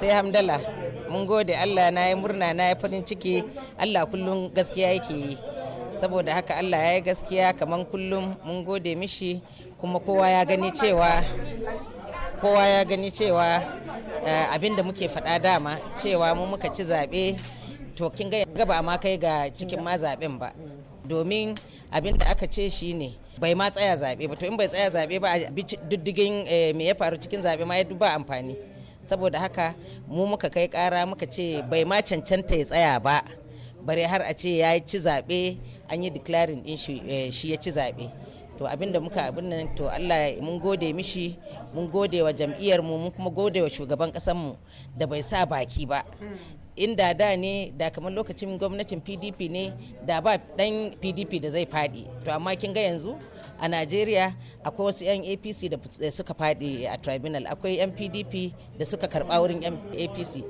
sai hamdala mun gode allah na yi murna na yi farin ciki allah kullum gaskiya yake yi saboda haka allah ya yi gaskiya kamar kullum mun gode mishi kuma kowa ya gani cewa kowa ya gani cewa eh, abin da muke faɗa dama cewa mu muka ci zaɓe to kin ga ba ma kai ga cikin ma zaɓen ba domin abin da aka ce shi ne bai ma tsaya zaɓe ba to in bai tsaya zaɓe ba a bi diddigin eh, me ya faru cikin zaɓe ma ya duba amfani saboda haka mu muka kai kara muka ce bai ma cancanta ya tsaya ba bare har a ce ya ci zaɓe an yi declaring din shi eh, ya ci zaɓe to abinda muka abin nan to Allah mun gode mishi mun gode wa jam'iyyar mu mun kuma gode wa shugaban ƙasar mu da bai sa baki ba hmm. In da ne da kamar lokacin gwamnatin PDP ne da ba dan PDP da zai faɗi to amma kin ga yanzu a najeriya akwai wasu 'yan apc da suka faɗi a tribunal akwai 'yan pdp da suka karɓa wurin 'yan apc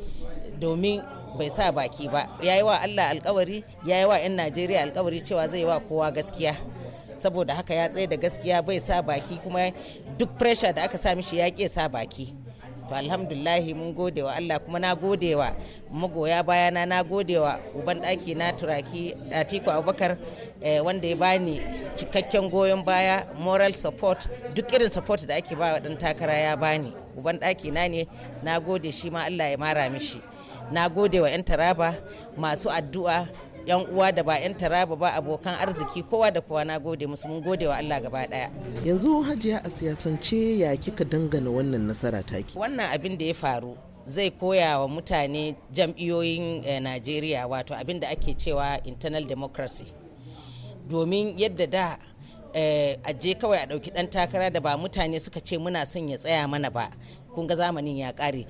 domin bai sa baki ba ya yi wa allah alkawari ya yi wa 'yan najeriya alkawari cewa zai wa kowa gaskiya saboda haka ya tsaye da gaskiya bai sa baki kuma duk pressure da aka sa mishi ya sa baki to alhamdulahi mun gode wa Allah kuma na gode wa magoya bayana na gode wa uban ɗaki na turaki Atiku Abubakar eh, wanda ya bani cikakken goyon baya moral support duk irin support da ake ba wa ɗan takara ya bani uban ɗaki na ne na gode shi ma Allah ya mara mishi na gode wa 'yan taraba masu addu'a yan uwa da ba yan taraba ba abokan arziki kowa da kowa na gode musu mun gode wa Allah gaba daya yanzu hajiya a siyasance ya kika dangana wannan nasara taki wannan abin da ya faru zai koya wa mutane jam'iyoyin eh, Najeriya wato abin da ake cewa internal democracy domin yadda da eh, aje kawai a ɗauki ɗan takara da ba mutane suka ce muna son ya tsaya mana ba kun ga zamanin ya ƙare